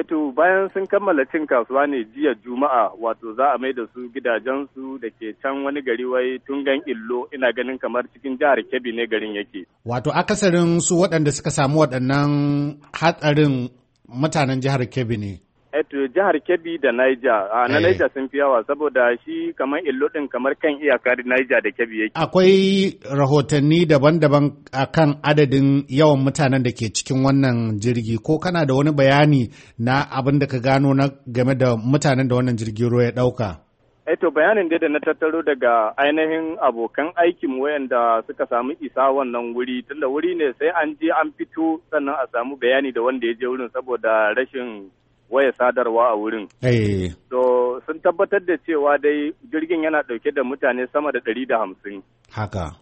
Eto bayan sun kammala cin kasuwa ne jiya Juma'a wato za a mai da su gidajensu da ke can wani gari wai tungan illo ina ganin kamar cikin jihar Kebbi ne garin yake. Wato akasarin su waɗanda suka samu waɗannan hatsarin mutanen jihar Kebbi ne. Eto jihar Kebbi da Niger, ah, na eh. Niger sun fi yawa saboda shi kamar illo kamar kan iyakar Niger da Kebbi yake. Akwai rahotanni daban-daban a kan adadin yawan mutanen da ke cikin wannan jirgi ko kana da wani bayani na abin da ka gano na game da mutanen da wannan jirgin ruwa ya ɗauka? Eto bayanin da na tattaro daga ainihin abokan aikin wayanda suka samu isa wannan wuri tunda wuri ne sai an je an fito sannan a samu bayani da wanda ya je wurin saboda rashin waya sadarwa a wurin. To eh. sun tabbatar da cewa dai jirgin yana ɗauke da mutane sama da ɗari da hamsin. Haka.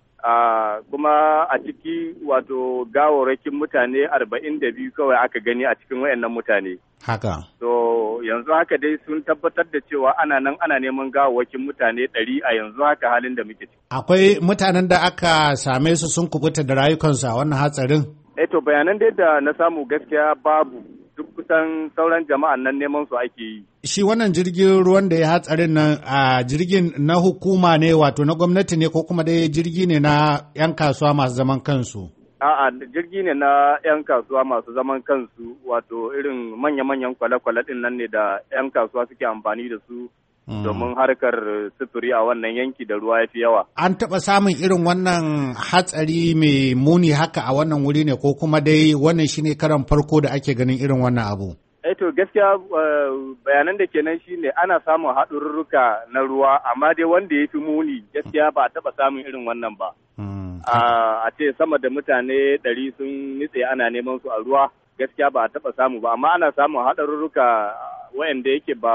kuma a ciki wato gawarwakin mutane arba'in da biyu kawai aka gani a cikin wayannan mutane. Haka. To yanzu haka dai sun tabbatar da cewa ana nan ana neman gawarrakin mutane ɗari a yanzu haka halin da muke ciki. Akwai mutanen da aka same su sun kubuta da rayukansu a wannan hatsarin? Eto eh, bayanan dai da na samu gaskiya babu duk kusan sauran jama'an nan neman su ake yi. Shi wannan jirgin ruwan da ya hatsarin nan a jirgin na hukuma ne wato na gwamnati ne ko kuma dai jirgi ne na 'yan kasuwa masu zaman kansu? A'a jirgi ne na 'yan kasuwa masu zaman kansu wato irin manya-manyan kwale-kwale ɗin nan ne da 'yan kasuwa suke amfani da su Mm. domin harkar sufuri a wannan yanki da ruwa ya fi yawa. An taɓa samun irin wannan hatsari mai muni haka a wannan wuri ne ko kuma dai wannan shine karan farko da ake ganin irin wannan abu? Eto eh gaskiya eh, bayanan da kenan ne ana samun haɗururruka na ruwa amma dai wanda ya fi muni gaskiya ba a taɓa samun irin wannan ba. Mm. A ce sama da mutane ɗari sun nitse ana neman su a ruwa gaskiya ba a taɓa samu ba amma ana samun haɗarurruka wayanda yake ba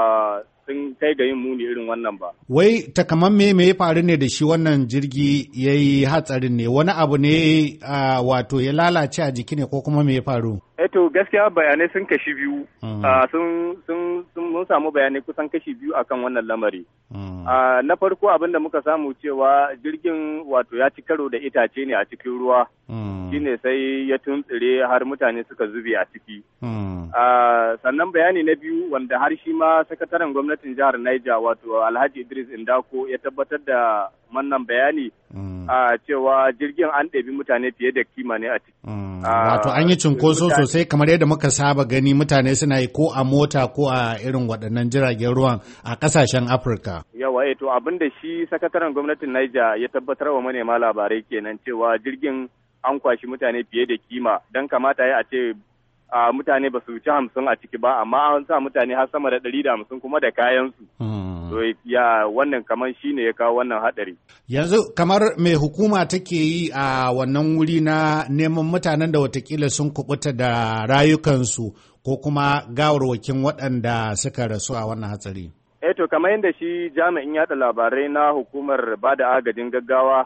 sun kai ga yin muni irin wannan ba. Wai takamamme me ya faru ne da shi wannan jirgi ya yi hatsarin ne wani abu ne ah, wato ya lalace a jiki ne ko kuma me ya faru? Eto eh, gaskiya bayanai sun kashi biyu, hmm. ah, sun mun samu bayanai kusan kashi biyu akan wannan lamari. Hmm. Ah, na farko abin da muka samu cewa jirgin wato ya ci karo da itace ne a cikin ruwa, hmm. shine sai ya tuntsire har mutane suka zube a ciki. Ah, sannan bayani na biyu wanda har shi ma sakataren gwamnatin jihar Niger wato Alhaji Idris Indako ya tabbatar da wannan bayani mm. a cewa jirgin an ɗabi mutane fiye da kima ne a ciki. Mm. Wato an yi cunkoso sosai kamar yadda muka saba gani mutane suna yi ko a mota ko a irin waɗannan jiragen ruwan a ƙasashen Afirka. Yawa abinda eh, abin da shi sakataren gwamnatin Niger ya tabbatar wa manema labarai kenan cewa jirgin an kwashi mutane fiye da kima don kamata ya a ce mutane ba su wuce hamsin a ciki ba amma an sa mutane har sama da ɗari da hamsin kuma da kayansu. Hmm. To ya wannan kamar shi ne ya kawo wannan hadari. Yanzu kamar mai hukuma take yi a wannan wuri na neman mutanen da watakila sun kubuta da rayukansu ko kuma gawarwakin waɗanda suka rasu a wannan hatsari. Eh to kamar yadda shi jami'in yaɗa labarai na hukumar bada agajin gaggawa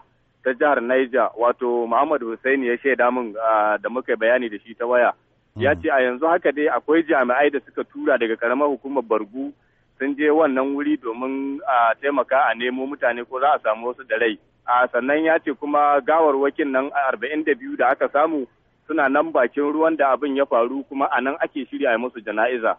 ta jihar Niger wato Muhammad Hussaini ya shaida min ah, da muka bayani da shi ta waya. ya hmm. ce a yanzu haka dai akwai jami'ai da suka tura daga karamar hukumar bargu sun je wannan wuri domin a taimaka a nemo mutane ko za a samu wasu da rai a sannan ya ce kuma gawar wakin nan a arba'in da biyu da aka samu suna nan bakin ruwan da abin ya faru kuma a nan ake shirya musu jana'iza